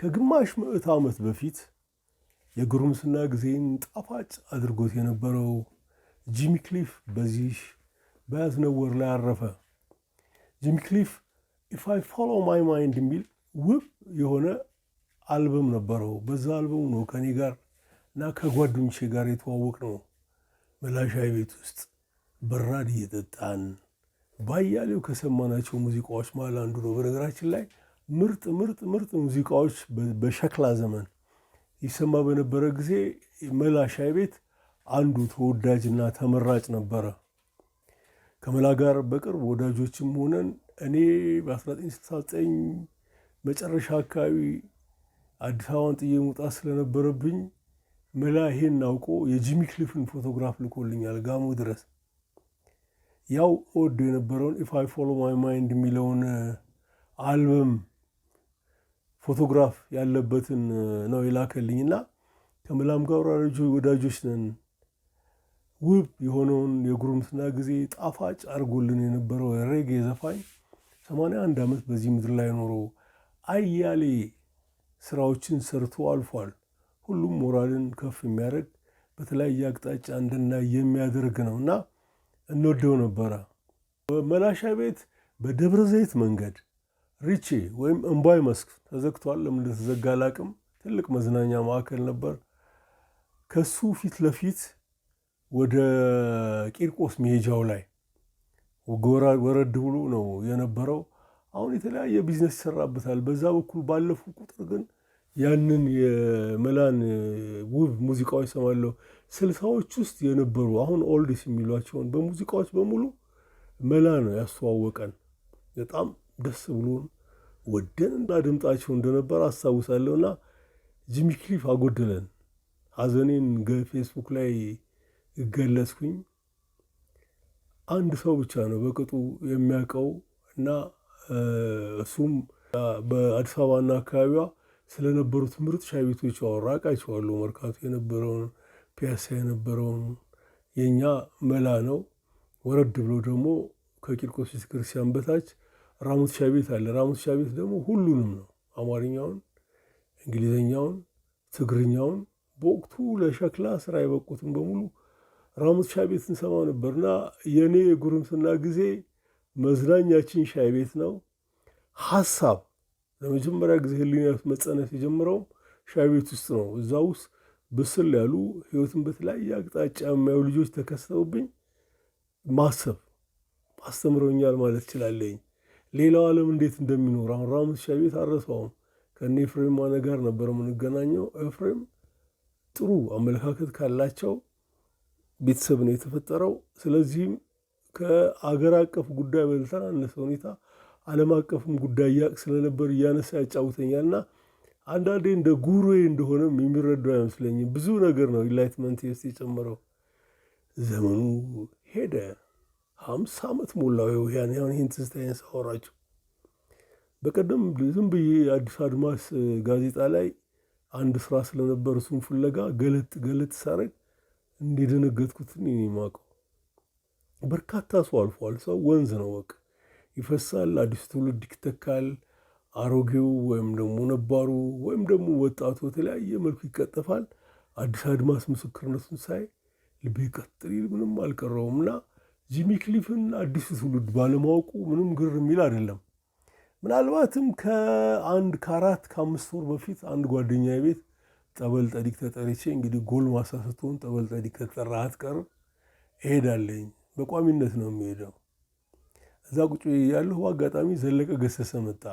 ከግማሽ ምዕት ዓመት በፊት የጉርምስና ጊዜን ጣፋጭ አድርጎት የነበረው ጂሚ ክሊፍ በዚህ በያዝነው ወር ላይ አረፈ። ጂሚ ክሊፍ ኢፍ አይ ፎሎ ማይ ማይንድ የሚል ውብ የሆነ አልበም ነበረው። በዛ አልበሙ ነው ከኔ ጋር እና ከጓደኞቼ ጋር የተዋወቅ ነው። መላሻይ ቤት ውስጥ በራድ እየጠጣን ባያሌው ከሰማናቸው ሙዚቃዎች መሃል አንዱ ነው። በነገራችን ላይ ምርጥ ምርጥ ምርጥ ሙዚቃዎች በሸክላ ዘመን ይሰማ በነበረ ጊዜ መላ ሻይ ቤት አንዱ ተወዳጅና ተመራጭ ነበረ። ከመላ ጋር በቅርብ ወዳጆችም ሆነን እኔ በ1969 መጨረሻ አካባቢ አዲስ አበባን ጥዬ መውጣት ስለነበረብኝ መላ ይሄን አውቆ የጂሚ ክሊፍን ፎቶግራፍ ልኮልኛል ጋሞ ድረስ። ያው ወዶ የነበረውን ኢፍ አይ ፎሎ ማይ ማይንድ የሚለውን አልበም ፎቶግራፍ ያለበትን ነው የላከልኝና ከምላም ገብረአብ ወዳጆች ነን ውብ የሆነውን የጉርምትና ጊዜ ጣፋጭ አድርጎልን የነበረው የሬጌ ዘፋኝ 81 ዓመት በዚህ ምድር ላይ ኖሮ አያሌ ስራዎችን ሰርቶ አልፏል። ሁሉም ሞራልን ከፍ የሚያደርግ በተለያየ አቅጣጫ እንድናይ የሚያደርግ ነው እና እንወደው ነበረ። በመላሻ ቤት በደብረ ዘይት መንገድ ሪቺ ወይም እምባይ መስክ ተዘግቷል። ለምን እንደተዘጋ አላቅም። ትልቅ መዝናኛ ማዕከል ነበር። ከሱ ፊት ለፊት ወደ ቂርቆስ መሄጃው ላይ ወረድ ብሎ ነው የነበረው። አሁን የተለያየ ቢዝነስ ይሰራበታል በዛ በኩል ባለፉ ቁጥር ግን ያንን የመላን ውብ ሙዚቃዎች ሰማለሁ። ስልሳዎች ውስጥ የነበሩ አሁን ኦልዲስ የሚሏቸውን በሙዚቃዎች በሙሉ መላ ነው ያስተዋወቀን በጣም ደስ ብሎን ወደን እናድምጣቸው እንደነበር አስታውሳለሁና ጂሚ ክሊፍ አጎደለን። ሐዘኔን ፌስቡክ ላይ እገለጽኩኝ። አንድ ሰው ብቻ ነው በቅጡ የሚያውቀው እና እሱም በአዲስ አበባና አካባቢዋ ስለነበሩት ምርጥ ሻይ ቤቶች አወራ። አውቃቸዋለሁ። መርካቶ የነበረውን፣ ፒያሳ የነበረውን የእኛ መላ ነው። ወረድ ብሎ ደግሞ ከቂርቆስ ቤተክርስቲያን በታች ራሙት ሻይ ቤት አለ። ራሙት ሻይ ቤት ደግሞ ሁሉንም ነው አማርኛውን፣ እንግሊዝኛውን፣ ትግርኛውን በወቅቱ ለሸክላ ስራ የበቁትን በሙሉ ራሙት ሻይ ቤት እንሰማ ነበር እና የእኔ የጉርምስና ጊዜ መዝናኛችን ሻይ ቤት ነው። ሀሳብ ለመጀመሪያ ጊዜ ህሊና መጸነስ የጀመረውም ሻይ ቤት ውስጥ ነው። እዛ ውስጥ ብስል ያሉ ህይወትን በተለያየ አቅጣጫ የሚያዩ ልጆች ተከስተውብኝ ማሰብ አስተምረውኛል ማለት ይችላለኝ። ሌላው ዓለም እንዴት እንደሚኖር አሁን ራሙስ ሻቤት አረሰውም። ከእነ ኤፍሬም ማነ ጋር ነበር የምንገናኘው። ኤፍሬም ጥሩ አመለካከት ካላቸው ቤተሰብ ነው የተፈጠረው። ስለዚህም ከአገር አቀፍ ጉዳይ በተናነሰ ሁኔታ ዓለም አቀፍም ጉዳይ ያቅ ስለነበር እያነሳ ያጫውተኛልና አንዳንዴ እንደ ጉሮ እንደሆነም የሚረዳው አይመስለኝም። ብዙ ነገር ነው ኢንላይትመንት የስ የጨመረው። ዘመኑ ሄደ። ሀምሳ ዓመት ሞላው። ያን ያን ይህን ትዝታዬን ሳወራችሁ በቀደም ዝም ብዬ አዲስ አድማስ ጋዜጣ ላይ አንድ ስራ ስለነበር እሱን ፍለጋ ገለጥ ገለጥ ሳረግ እንደደነገጥኩት እኔ የማውቀው በርካታ ሰው አልፏል። ሰው ወንዝ ነው፣ በቃ ይፈሳል። አዲሱ ትውልድ ይተካል። አሮጌው ወይም ደግሞ ነባሩ ወይም ደግሞ ወጣቱ በተለያየ መልኩ ይቀጠፋል። አዲስ አድማስ ምስክርነቱን ሳይ ልቤ ቀጥል ምንም አልቀረውምና ጂሚ ክሊፍን አዲሱ ትውልድ ባለማወቁ ምንም ግር የሚል አይደለም። ምናልባትም ከአንድ ከአራት ከአምስት ወር በፊት አንድ ጓደኛ ቤት ጠበል ጠዲቅ ተጠርቼ እንግዲህ ጎልማሳ ስትሆን ጠበል ጠዲቅ ከተጠራህ አትቀርም እሄዳለኝ። በቋሚነት ነው የሚሄደው። እዛ ቁጭ ያለሁ አጋጣሚ ዘለቀ ገሰሰ መጣ።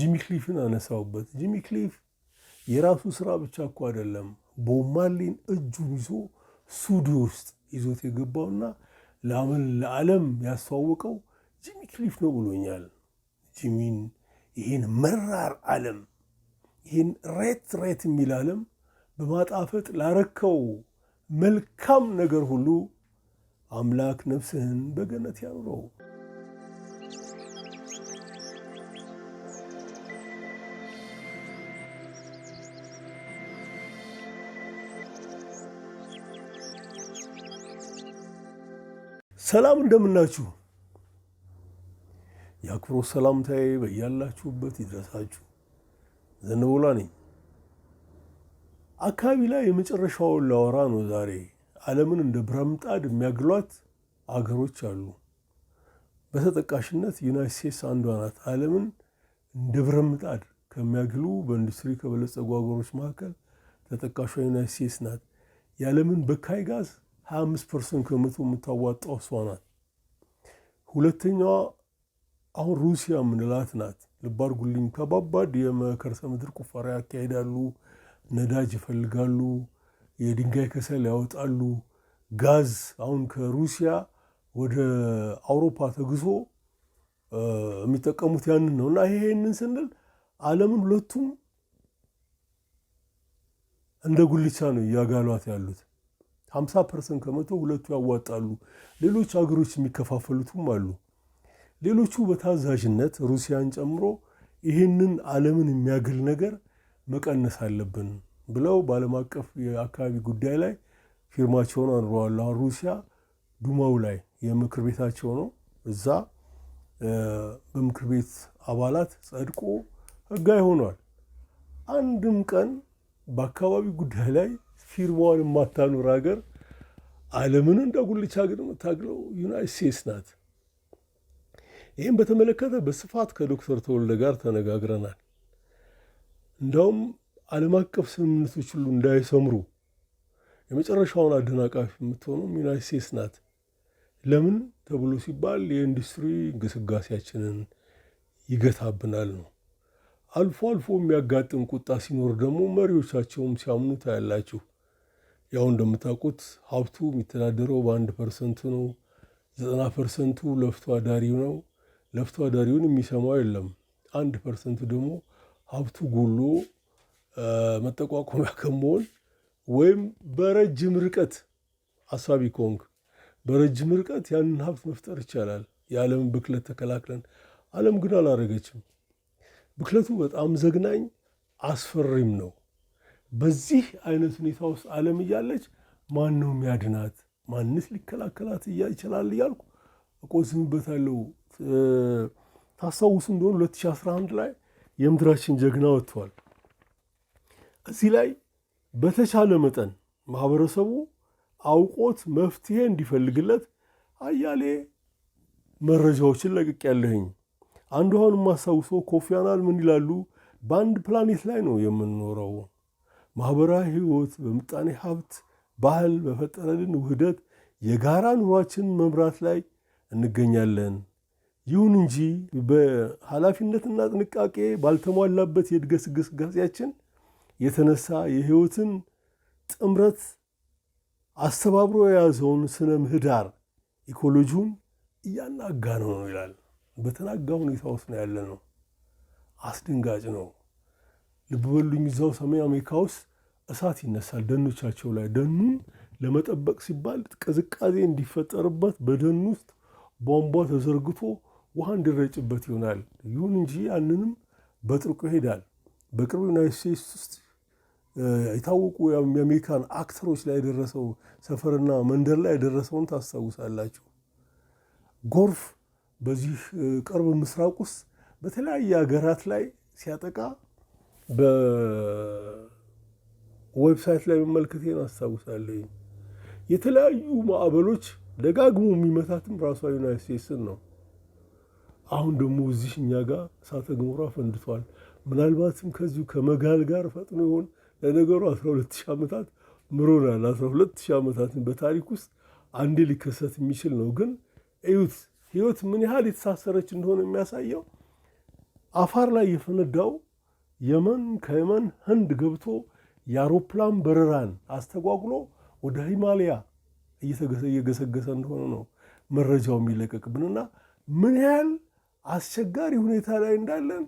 ጂሚ ክሊፍን አነሳውበት። ጂሚ ክሊፍ የራሱ ስራ ብቻ እኮ አይደለም ቦማሌን እጁን ይዞ ሱዲ ውስጥ ይዞት የገባውና ለአመል ለዓለም ያስተዋወቀው ጂሚ ክሊፍ ነው ብሎኛል። ጂሚን ይህን መራር ዓለም ይህን ሬት ሬት የሚል ዓለም በማጣፈጥ ላረከው መልካም ነገር ሁሉ አምላክ ነፍስህን በገነት ያኑረው። ሰላም እንደምናችሁ። የአክብሮት ሰላምታዬ በያላችሁበት ይድረሳችሁ። ዘንቦላ ነኝ። አካባቢ ላይ የመጨረሻውን ላወራ ነው ዛሬ። ዓለምን እንደ ብረምጣድ የሚያግሏት አገሮች አሉ። በተጠቃሽነት ዩናይት ስቴትስ አንዷ ናት። ዓለምን እንደ ብረምጣድ ከሚያግሉ በኢንዱስትሪ ከበለጸጉ አገሮች መካከል ተጠቃሿ ዩናይት ስቴትስ ናት። የዓለምን በካይ ጋዝ ሀያ አምስት ፐርሰንት ከመቶ የምታዋጣው እሷ ናት። ሁለተኛዋ አሁን ሩሲያ የምንላት ናት። ልብ አድርጉልኝ፣ ከባባድ የመከርሰ ምድር ቁፋሪ ያካሄዳሉ፣ ነዳጅ ይፈልጋሉ፣ የድንጋይ ከሰል ያወጣሉ፣ ጋዝ አሁን ከሩሲያ ወደ አውሮፓ ተግዞ የሚጠቀሙት ያንን ነው። እና ይሄንን ስንል ዓለምን ሁለቱም እንደ ጉልቻ ነው እያጋሏት ያሉት። ሀምሳ ፐርሰንት ከመቶ ሁለቱ ያዋጣሉ። ሌሎች ሀገሮች የሚከፋፈሉትም አሉ። ሌሎቹ በታዛዥነት ሩሲያን ጨምሮ ይህንን ዓለምን የሚያግል ነገር መቀነስ አለብን ብለው በዓለም አቀፍ የአካባቢ ጉዳይ ላይ ፊርማቸውን አኑረዋል። አሁን ሩሲያ ዱማው ላይ የምክር ቤታቸው ነው። እዛ በምክር ቤት አባላት ጸድቆ ሕጋዊ ሆኗል። አንድም ቀን በአካባቢ ጉዳይ ላይ ፊርማዋን የማታኖር ሀገር ዓለምን እንደ ጉልቻ ግን የምታግለው ዩናይት ስቴትስ ናት። ይህም በተመለከተ በስፋት ከዶክተር ተወልደ ጋር ተነጋግረናል። እንዳውም ዓለም አቀፍ ስምምነቶች ሁሉ እንዳይሰምሩ የመጨረሻውን አደናቃፊ የምትሆኑም ዩናይት ስቴትስ ናት። ለምን ተብሎ ሲባል የኢንዱስትሪ እንቅስቃሴያችንን ይገታብናል ነው። አልፎ አልፎ የሚያጋጥም ቁጣ ሲኖር ደግሞ መሪዎቻቸውም ሲያምኑ ታያላችሁ። ያው እንደምታውቁት ሀብቱ የሚተዳደረው በአንድ ፐርሰንቱ ነው። ዘጠና ፐርሰንቱ ለፍቶ አዳሪው ነው። ለፍቶ አዳሪውን የሚሰማው የለም። አንድ ፐርሰንቱ ደግሞ ሀብቱ ጎሎ መጠቋቋሚያ ከመሆን ወይም በረጅም ርቀት አሳቢ ከሆንክ በረጅም ርቀት ያንን ሀብት መፍጠር ይቻላል። የዓለምን ብክለት ተከላክለን ዓለም ግን አላረገችም። ብክለቱ በጣም ዘግናኝ አስፈሪም ነው። በዚህ አይነት ሁኔታ ውስጥ ዓለም እያለች ማን ነው የሚያድናት? ማንስ ሊከላከላት ይችላል? እያልኩ እቆዝምበታለሁ። ታስታውሱ እንደሆነ 2011 ላይ የምድራችን ጀግና ወጥተዋል። እዚህ ላይ በተቻለ መጠን ማህበረሰቡ አውቆት መፍትሄ እንዲፈልግለት አያሌ መረጃዎችን ለቅቅ ያለህኝ አንዱ አሁን የማስታውሰው ኮፊ አናን ምን ይላሉ? በአንድ ፕላኔት ላይ ነው የምንኖረው ማኅበራዊ ሕይወት፣ በምጣኔ ሀብት፣ ባህል በፈጠረልን ውህደት የጋራ ኑሯችን መምራት ላይ እንገኛለን። ይሁን እንጂ በኃላፊነትና ጥንቃቄ ባልተሟላበት የእድገት ግስጋሴያችን የተነሳ የሕይወትን ጥምረት አስተባብሮ የያዘውን ስነ ምህዳር ኢኮሎጂውን እያናጋ ነው ይላል። በተናጋ ሁኔታ ውስጥ ነው ያለ ነው። አስደንጋጭ ነው። ልብ በሉኝ፣ እዛው ሰሜን አሜሪካ ውስጥ እሳት ይነሳል ደኖቻቸው ላይ። ደኑን ለመጠበቅ ሲባል ቅዝቃዜ እንዲፈጠርበት በደኑ ውስጥ ቧንቧ ተዘርግቶ ውሃ እንዲረጭበት ይሆናል። ይሁን እንጂ ያንንም በጥርቁ ይሄዳል። በቅርብ ዩናይት ስቴትስ ውስጥ የታወቁ የአሜሪካን አክተሮች ላይ የደረሰው ሰፈርና መንደር ላይ የደረሰውን ታስታውሳላችሁ። ጎርፍ በዚህ ቅርብ ምስራቅ ውስጥ በተለያየ ሀገራት ላይ ሲያጠቃ በዌብሳይት ላይ መመልከቴን አስታውሳለኝ። የተለያዩ ማዕበሎች ደጋግሞ የሚመታትም ራሷ ዩናይት ስቴትስን ነው። አሁን ደግሞ እዚህ እኛ ጋር እሳተ ገሞራ ፈንድቷል። ምናልባትም ከዚሁ ከመጋል ጋር ፈጥኖ ይሆን? ለነገሩ ሁለት ሺህ ዓመታት ምሮናል። ሁለት ሺህ ዓመታትን በታሪክ ውስጥ አንዴ ሊከሰት የሚችል ነው። ግን እዩት፣ ህይወት ምን ያህል የተሳሰረች እንደሆነ የሚያሳየው አፋር ላይ የፈነዳው የመን ከየመን ህንድ ገብቶ የአውሮፕላን በረራን አስተጓጉሎ ወደ ሂማሊያ እየገሰገሰ እንደሆነ ነው መረጃው የሚለቀቅብንና ምን ያህል አስቸጋሪ ሁኔታ ላይ እንዳለን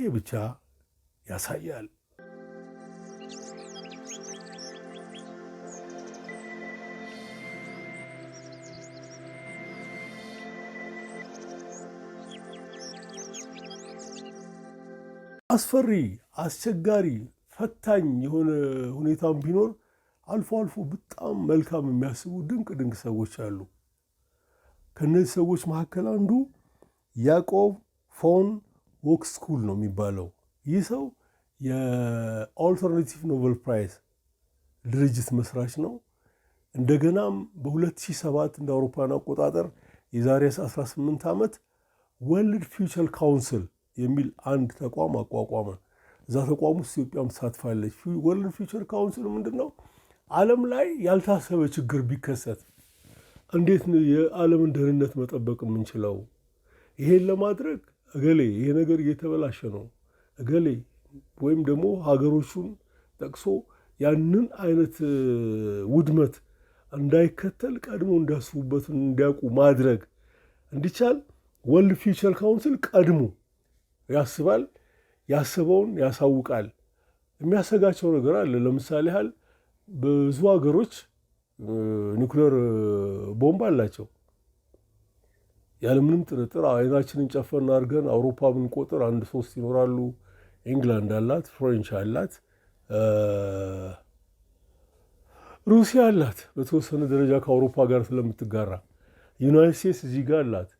ይህ ብቻ ያሳያል። አስፈሪ፣ አስቸጋሪ፣ ፈታኝ የሆነ ሁኔታም ቢኖር አልፎ አልፎ በጣም መልካም የሚያስቡ ድንቅ ድንቅ ሰዎች አሉ። ከእነዚህ ሰዎች መካከል አንዱ ያዕቆብ ፎን ስኩል ነው የሚባለው። ይህ ሰው የአልተርናቲቭ ኖቨል ፕራይዝ ድርጅት መስራች ነው። እንደገናም በ2007 እንደ አውሮፓውያን አቆጣጠር የዛሬ 18 ዓመት ወርልድ ፊውቸር ካውንስል የሚል አንድ ተቋም አቋቋመ። እዛ ተቋም ውስጥ ኢትዮጵያም ተሳትፋለች። ወርልድ ፊውቸር ካውንስል ምንድን ነው? ዓለም ላይ ያልታሰበ ችግር ቢከሰት እንዴት ነው የዓለምን ደህንነት መጠበቅ የምንችለው? ይሄን ለማድረግ እገሌ ይሄ ነገር እየተበላሸ ነው እገሌ ወይም ደግሞ ሀገሮቹን ጠቅሶ ያንን አይነት ውድመት እንዳይከተል ቀድሞ እንዲያስቡበት እንዲያውቁ ማድረግ እንዲቻል ወርልድ ፊውቸር ካውንስል ቀድሞ ያስባል፣ ያስበውን ያሳውቃል። የሚያሰጋቸው ነገር አለ። ለምሳሌ ያህል ብዙ ሀገሮች ኒውክሌር ቦምብ አላቸው። ያለምንም ጥርጥር አይናችንን ጨፈን አድርገን አውሮፓ ብንቆጥር አንድ ሶስት ይኖራሉ። ኢንግላንድ አላት፣ ፍሬንች አላት፣ ሩሲያ አላት። በተወሰነ ደረጃ ከአውሮፓ ጋር ስለምትጋራ ዩናይት ስቴትስ እዚህ ጋር አላት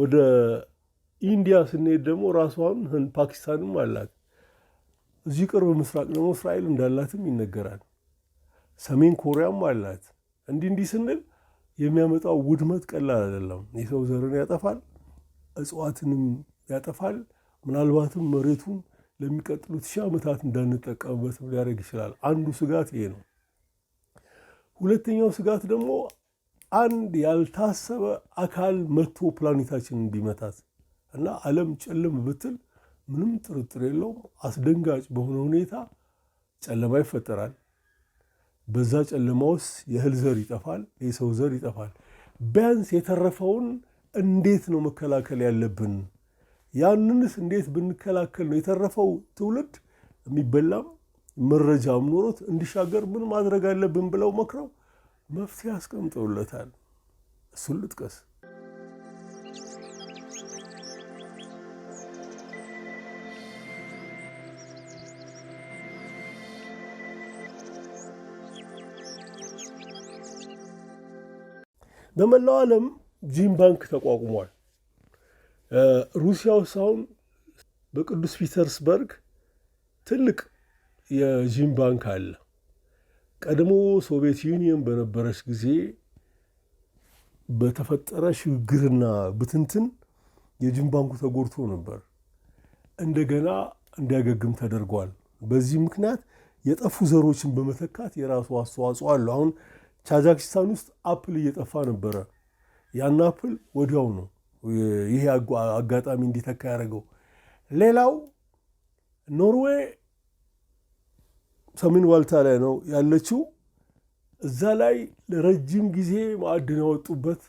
ወደ ኢንዲያ ስንሄድ ደግሞ ራሷን ፓኪስታንም አላት። እዚህ ቅርብ ምስራቅ ደግሞ እስራኤል እንዳላትም ይነገራል። ሰሜን ኮሪያም አላት። እንዲህ እንዲህ ስንል የሚያመጣው ውድመት ቀላል አይደለም። የሰው ዘርን ያጠፋል፣ እጽዋትንም ያጠፋል። ምናልባትም መሬቱን ለሚቀጥሉት ሺህ ዓመታት እንዳንጠቀምበት ሊያደርግ ይችላል። አንዱ ስጋት ይሄ ነው። ሁለተኛው ስጋት ደግሞ አንድ ያልታሰበ አካል መጥቶ ፕላኔታችንን ቢመታት እና ዓለም ጨለም ብትል ምንም ጥርጥር የለውም አስደንጋጭ በሆነ ሁኔታ ጨለማ ይፈጠራል። በዛ ጨለማ ውስጥ የእህል ዘር ይጠፋል፣ የሰው ዘር ይጠፋል። ቢያንስ የተረፈውን እንዴት ነው መከላከል ያለብን? ያንንስ እንዴት ብንከላከል ነው የተረፈው ትውልድ የሚበላም መረጃም ኖሮት እንዲሻገር ምን ማድረግ አለብን ብለው መክረው መፍትሄ አስቀምጠውለታል። እሱን ልጥቀስ። በመላው ዓለም ጂም ባንክ ተቋቁሟል። ሩሲያ ውስጥ አሁን በቅዱስ ፒተርስበርግ ትልቅ የጂም ባንክ አለ። ቀድሞ ሶቪየት ዩኒየን በነበረች ጊዜ በተፈጠረ ሽግግርና ብትንትን የጂም ባንኩ ተጎድቶ ነበር። እንደገና እንዲያገግም ተደርጓል። በዚህ ምክንያት የጠፉ ዘሮችን በመተካት የራሱ አስተዋጽኦ አለው። አሁን ካዛክስታን ውስጥ አፕል እየጠፋ ነበረ። ያን አፕል ወዲያው ነው ይሄ አጋጣሚ እንዲተካ ያደረገው። ሌላው ኖርዌይ ሰሜን ዋልታ ላይ ነው ያለችው። እዛ ላይ ለረጅም ጊዜ ማዕድን ያወጡበት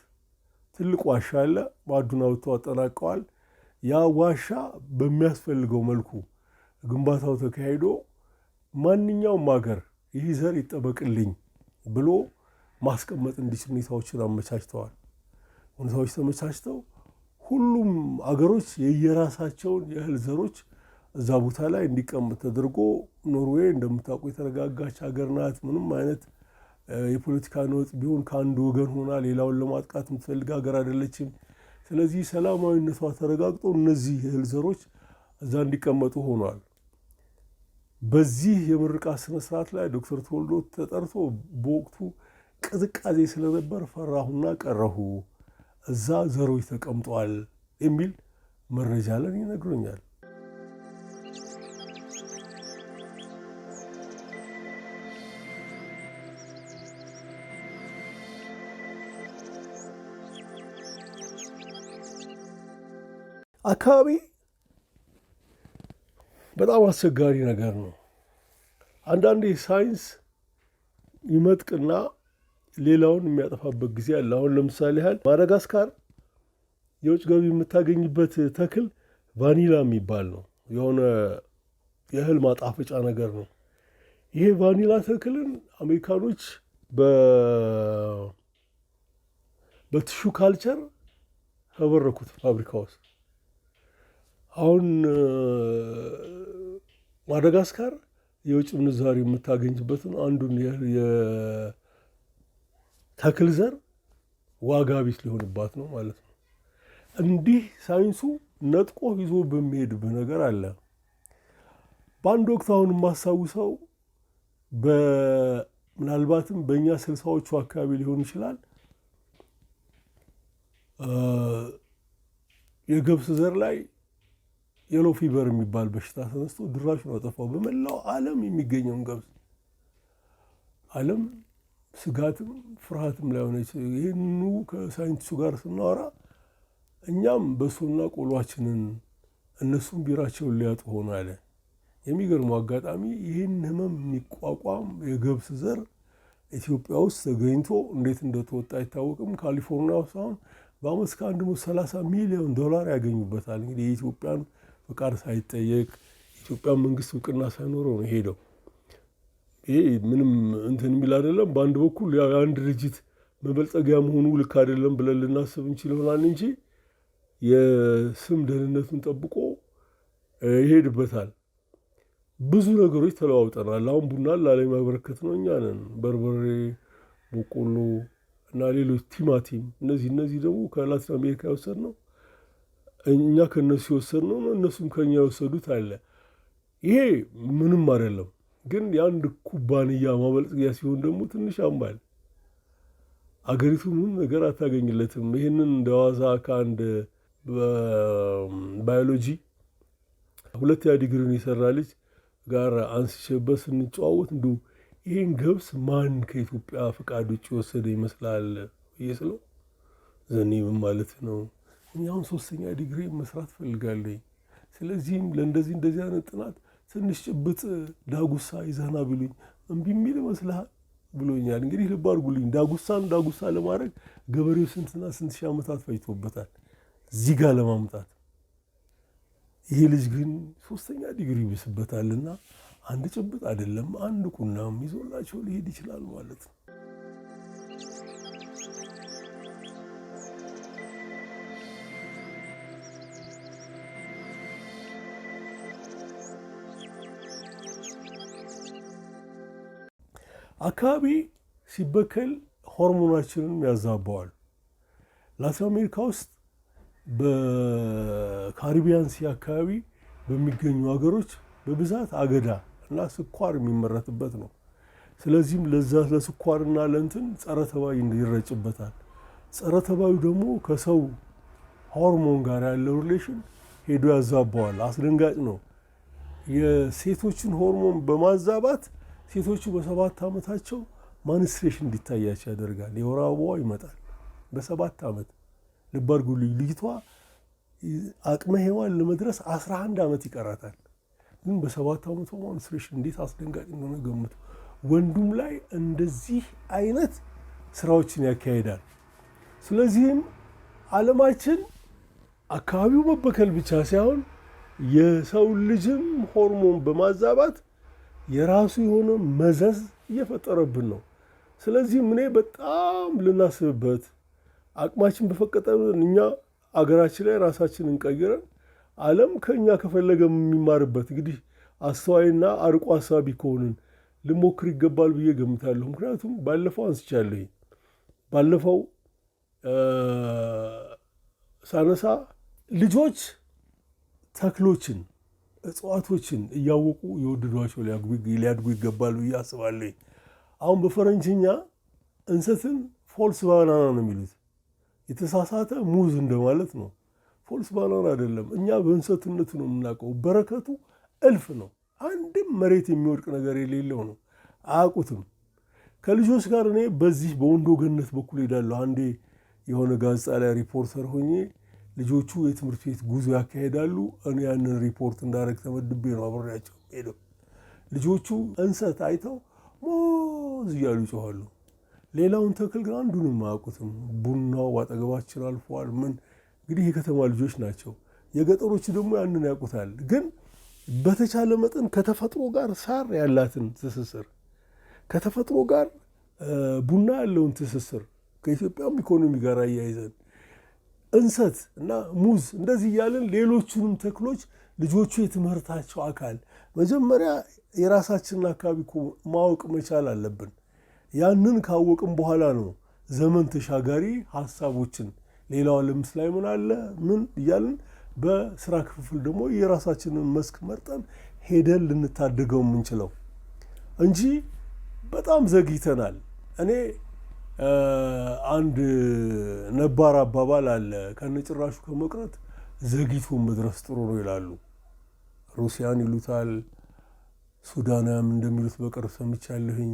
ትልቅ ዋሻ አለ። ማዕድን አወጥተው አጠናቀዋል። ያ ዋሻ በሚያስፈልገው መልኩ ግንባታው ተካሂዶ ማንኛውም ሀገር ይህ ዘር ይጠበቅልኝ ብሎ ማስቀመጥ እንዲችል ሁኔታዎችን አመቻችተዋል። ሁኔታዎች ተመቻችተው ሁሉም አገሮች የየራሳቸውን የእህል ዘሮች እዛ ቦታ ላይ እንዲቀመጥ ተደርጎ ኖርዌይ እንደምታውቁ የተረጋጋች ሀገር ናት። ምንም አይነት የፖለቲካ ነውጥ ቢሆን ከአንድ ወገን ሆና ሌላውን ለማጥቃት የምትፈልግ ሀገር አይደለችም። ስለዚህ ሰላማዊነቷ ተረጋግጦ እነዚህ የእህል ዘሮች እዛ እንዲቀመጡ ሆኗል። በዚህ የምርቃት ስነስርዓት ላይ ዶክተር ተወልዶ ተጠርቶ በወቅቱ ቅዝቃዜ ስለነበር ፈራሁና ቀረሁ፣ እዛ ዘሮች ተቀምጧል የሚል መረጃ ለን ይነግሩኛል። አካባቢ በጣም አስቸጋሪ ነገር ነው። አንዳንዴ ሳይንስ ይመጥቅና ሌላውን የሚያጠፋበት ጊዜ አለ። አሁን ለምሳሌ ያህል ማዳጋስካር የውጭ ገቢ የምታገኝበት ተክል ቫኒላ የሚባል ነው። የሆነ የእህል ማጣፈጫ ነገር ነው። ይሄ ቫኒላ ተክልን አሜሪካኖች በቲሹ ካልቸር ተበረኩት ፋብሪካ ውስጥ። አሁን ማዳጋስካር የውጭ ምንዛሪ የምታገኝበትን አንዱን ተክል ዘር ዋጋ ቢስ ሊሆንባት ነው ማለት ነው። እንዲህ ሳይንሱ ነጥቆ ይዞ በሚሄድብህ ነገር አለ። በአንድ ወቅት አሁን የማስታውሰው ምናልባትም በእኛ ስልሳዎቹ አካባቢ ሊሆን ይችላል የገብስ ዘር ላይ የሎ ፊቨር የሚባል በሽታ ተነስቶ ድራሹን አጠፋው። በመላው ዓለም የሚገኘውን ገብስ ዓለም ስጋትም ፍርሃትም ላይ ይህኑ ከሳይንቲስቱ ጋር ስናወራ እኛም በሶና ቆሏችንን እነሱም ቢራቸውን ሊያጡ ሆኑ አለ። የሚገርመው አጋጣሚ ይህን ህመም የሚቋቋም የገብስ ዘር ኢትዮጵያ ውስጥ ተገኝቶ እንዴት እንደተወጣ አይታወቅም። ካሊፎርኒያ ውስጥ አሁን በአመት ከአንድ መቶ ሚሊዮን ዶላር ያገኙበታል። እንግዲህ የኢትዮጵያን ፈቃድ ሳይጠየቅ የኢትዮጵያን መንግስት እውቅና ሳይኖረው ነው ሄደው ይሄ ምንም እንትን የሚል አይደለም። በአንድ በኩል የአንድ ድርጅት መበልጸጊያ መሆኑ ልክ አይደለም ብለን ልናስብ እንችል ይሆናል እንጂ የስም ደህንነቱን ጠብቆ ይሄድበታል። ብዙ ነገሮች ተለዋውጠናል። አሁን ቡናን ላላይ ማበረከት ነው እኛ ነን። በርበሬ፣ በቆሎ እና ሌሎች ቲማቲም፣ እነዚህ እነዚህ ደግሞ ከላቲን አሜሪካ የወሰድ ነው እኛ ከእነሱ የወሰድ ነው እነሱም ከኛ የወሰዱት አለ። ይሄ ምንም አይደለም። ግን የአንድ ኩባንያ ማበልጽያ ሲሆን ደግሞ ትንሽ ያማል። አገሪቱ ምን ነገር አታገኝለትም። ይህንን እንደ ዋዛ ከአንድ ባዮሎጂ ሁለተኛ ዲግሪን የሰራ ልጅ ጋር አንስቼበት ስንጨዋወት እንዲሁ ይህን ገብስ ማን ከኢትዮጵያ ፈቃድ ውጭ የወሰደ ይመስላል ብዬ ስለው ዘኔ ምን ማለት ነው? እኛም ሶስተኛ ዲግሪ መስራት ፈልጋለኝ። ስለዚህም ለእንደዚህ እንደዚህ አይነት ጥናት ትንሽ ጭብጥ ዳጉሳ ይዘህና ቢሉኝ እምቢ የሚል ይመስልሃል ብሎኛል። እንግዲህ ልብ አድርጉልኝ፣ ዳጉሳን ዳጉሳ ለማድረግ ገበሬው ስንትና ስንት ሺህ ዓመታት ፈጅቶበታል እዚህ ጋር ለማምጣት። ይሄ ልጅ ግን ሶስተኛ ዲግሪ ይብስበታልና አንድ ጭብጥ አይደለም አንድ ቁናም ይዞላቸው ሊሄድ ይችላል ማለት ነው። አካባቢ ሲበከል ሆርሞናችንን ያዛባዋል። ላቲን አሜሪካ ውስጥ በካሪቢያን ሲ አካባቢ በሚገኙ ሀገሮች በብዛት አገዳ እና ስኳር የሚመረትበት ነው። ስለዚህም ለዛ ለስኳርና ለእንትን ጸረ ተባይ ይረጭበታል። ጸረ ተባዩ ደግሞ ከሰው ሆርሞን ጋር ያለው ሪሌሽን ሄዶ ያዛባዋል። አስደንጋጭ ነው። የሴቶችን ሆርሞን በማዛባት ሴቶቹ በሰባት ዓመታቸው ማንስትሬሽን እንዲታያቸው ያደርጋል። የወር አበባዋ ይመጣል በሰባት ዓመት። ልብ አድርጉልኝ፣ ልጅቷ አቅመ ሔዋን ለመድረስ አስራ አንድ ዓመት ይቀራታል። ግን በሰባት ዓመቷ ማንስትሬሽን እንዴት አስደንጋጭ እንደሆነ ገምቱ። ወንዱም ላይ እንደዚህ አይነት ስራዎችን ያካሄዳል ስለዚህም ዓለማችን አካባቢው መበከል ብቻ ሳይሆን የሰው ልጅም ሆርሞን በማዛባት የራሱ የሆነ መዘዝ እየፈጠረብን ነው። ስለዚህ እኔ በጣም ልናስብበት አቅማችን በፈቀጠ እኛ አገራችን ላይ ራሳችን እንቀይረን ዓለም ከእኛ ከፈለገ የሚማርበት እንግዲህ አስተዋይና አርቆ ሀሳቢ ከሆንን ልሞክር ይገባል ብዬ ገምታለሁ። ምክንያቱም ባለፈው አንስቻለሁ። ባለፈው ሳነሳ ልጆች ተክሎችን እጽዋቶችን እያወቁ የወደዷቸው ሊያድጉ ይገባሉ እያስባለኝ። አሁን በፈረንጅኛ እንሰትን ፎልስ ባናና ነው የሚሉት፣ የተሳሳተ ሙዝ እንደማለት ነው። ፎልስ ባናና አይደለም። እኛ በእንሰትነቱ ነው የምናውቀው። በረከቱ እልፍ ነው። አንድም መሬት የሚወድቅ ነገር የሌለው ነው። አያውቁትም። ከልጆች ጋር እኔ በዚህ በወንዶ ገነት በኩል ሄዳለሁ። አንዴ የሆነ ጋዜጣ ላይ ሪፖርተር ሆኜ ልጆቹ የትምህርት ቤት ጉዞ ያካሄዳሉ። እኔ ያንን ሪፖርት እንዳደረግ ተመድቤ ነው አብሬያቸው ሄደው። ልጆቹ እንሰት አይተው ሞዝ እያሉ ይጮኋሉ። ሌላውን ተክል ግን አንዱንም አያውቁትም። ቡናው አጠገባችን አልፏል። ምን እንግዲህ የከተማ ልጆች ናቸው። የገጠሮች ደግሞ ያንን ያውቁታል። ግን በተቻለ መጠን ከተፈጥሮ ጋር ሳር ያላትን ትስስር ከተፈጥሮ ጋር ቡና ያለውን ትስስር ከኢትዮጵያም ኢኮኖሚ ጋር አያይዘን እንሰት እና ሙዝ እንደዚህ እያልን ሌሎቹንም ተክሎች ልጆቹ የትምህርታቸው አካል መጀመሪያ የራሳችንን አካባቢ ማወቅ መቻል አለብን። ያንን ካወቅም በኋላ ነው ዘመን ተሻጋሪ ሀሳቦችን ሌላው ዓለምስ ላይ ምን አለ ምን እያልን በስራ ክፍፍል ደግሞ የራሳችንን መስክ መርጠን ሄደን ልንታደገው የምንችለው እንጂ በጣም ዘግይተናል። እኔ አንድ ነባር አባባል አለ። ከነጭራሹ ከመቅረት ዘግይቶ መድረስ ጥሩ ነው ይላሉ። ሩሲያን ይሉታል፣ ሱዳናውያም እንደሚሉት በቅርብ ሰምቻለሁኝ።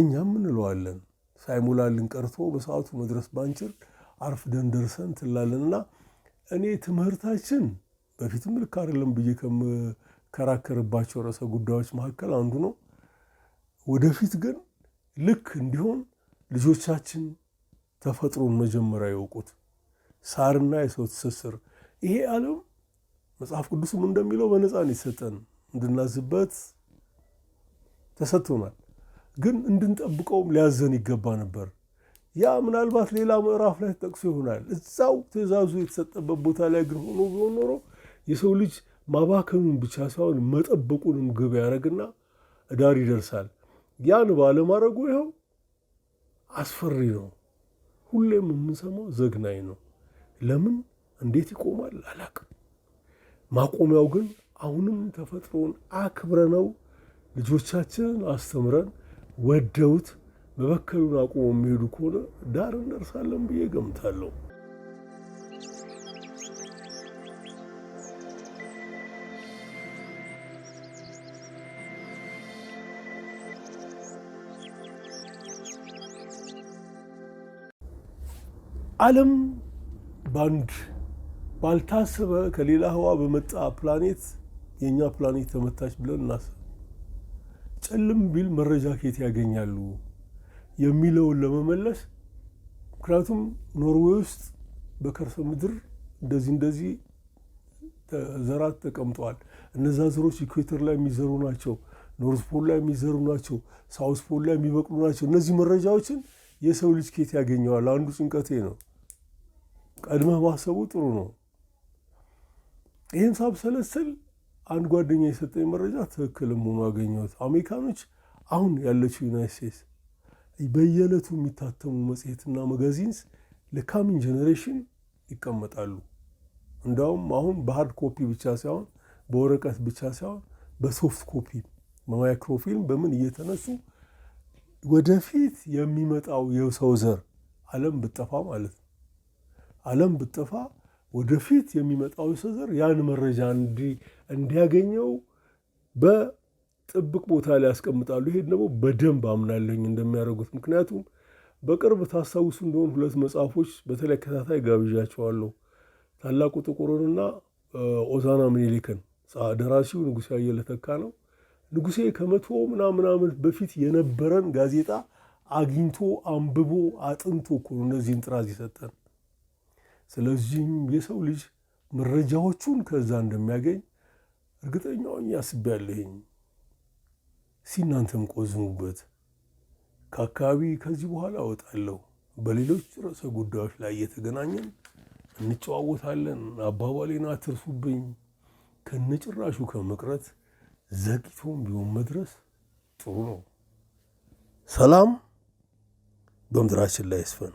እኛም እንለዋለን። ሳይሞላልን ቀርቶ በሰዓቱ መድረስ ባንችል አርፍደን ደርሰን ትላለንና እኔ ትምህርታችን በፊትም ልክ አይደለም ብዬ ከምከራከርባቸው ርዕሰ ጉዳዮች መካከል አንዱ ነው። ወደፊት ግን ልክ እንዲሆን ልጆቻችን ተፈጥሮን መጀመሪያ ይወቁት። ሳርና የሰው ትስስር ይሄ ዓለም መጽሐፍ ቅዱስም እንደሚለው በነፃን ይሰጠን እንድናዝበት ተሰጥቶናል። ግን እንድንጠብቀውም ሊያዘን ይገባ ነበር። ያ ምናልባት ሌላ ምዕራፍ ላይ ተጠቅሶ ይሆናል። እዛው ትእዛዙ የተሰጠበት ቦታ ላይ ግን ሆኖ ቢሆን ኖሮ የሰው ልጅ ማባከኑን ብቻ ሳይሆን መጠበቁንም ግብ ያደረግና ዳር ይደርሳል። ያን ባለማድረጉ ይኸው አስፈሪ ነው። ሁሌም የምንሰማው ዘግናኝ ነው። ለምን እንዴት ይቆማል አላቅም። ማቆሚያው ግን አሁንም ተፈጥሮን አክብረነው ልጆቻችንን አስተምረን ወደውት መበከሉን አቁሞ የሚሄዱ ከሆነ ዳር እንደርሳለን ብዬ ገምታለሁ። ዓለም በአንድ ባልታሰበ ከሌላ ህዋ በመጣ ፕላኔት የእኛ ፕላኔት ተመታች ብለን እናስብ። ጨልም ቢል መረጃ ከየት ያገኛሉ የሚለውን ለመመለስ ምክንያቱም ኖርዌይ ውስጥ በከርሰ ምድር እንደዚህ እንደዚህ ዘራት ተቀምጠዋል። እነዛ ዘሮች ኢኩዌተር ላይ የሚዘሩ ናቸው፣ ኖርዝ ፖል ላይ የሚዘሩ ናቸው፣ ሳውስ ፖል ላይ የሚበቅሉ ናቸው። እነዚህ መረጃዎችን የሰው ልጅ ኬት ያገኘዋል? አንዱ ጭንቀቴ ነው። ቀድመህ ማሰቡ ጥሩ ነው። ይህን ሳብሰለስል አንድ ጓደኛ የሰጠኝ መረጃ ትክክል ሆኖ አገኘሁት። አሜሪካኖች አሁን ያለችው ዩናይት ስቴትስ በየዕለቱ የሚታተሙ መጽሔትና መጋዚንስ ለካሚን ጀኔሬሽን ይቀመጣሉ። እንዲያውም አሁን በሀርድ ኮፒ ብቻ ሳይሆን በወረቀት ብቻ ሳይሆን በሶፍት ኮፒ በማይክሮፊልም በምን እየተነሱ ወደፊት የሚመጣው የሰው ዘር ዓለም ብጠፋ ማለት ነው። ዓለም ብጠፋ ወደፊት የሚመጣው የሰው ዘር ያን መረጃ እንዲያገኘው በጥብቅ ቦታ ላይ ያስቀምጣሉ። ይሄን ደግሞ በደንብ አምናለኝ እንደሚያደርጉት። ምክንያቱም በቅርብ ታስታውሱ እንደሆን ሁለት መጽሐፎች በተለይ ከታታይ ጋብዣቸዋለሁ። ታላቁ ጥቁርንና ኦዛና ምኒልክን፣ ደራሲው ንጉሴ አየለ ተካ ነው። ንጉሴ ከመቶ ምናምን ዓመት በፊት የነበረን ጋዜጣ አግኝቶ አንብቦ አጥንቶ እኮ እነዚህን ጥራዝ ይሰጠን። ስለዚህም የሰው ልጅ መረጃዎቹን ከዛ እንደሚያገኝ እርግጠኛውን ያለኝ ሲናንተም ቆዝሙበት። ከአካባቢ ከዚህ በኋላ እወጣለሁ። በሌሎች ርዕሰ ጉዳዮች ላይ እየተገናኘን እንጨዋወታለን። አባባሌን አትርሱብኝ ከነጭራሹ ከመቅረት ዘግይቶም ቢሆን መድረስ ጥሩ ነው። ሰላም በምድራችን ላይ ይስፈን።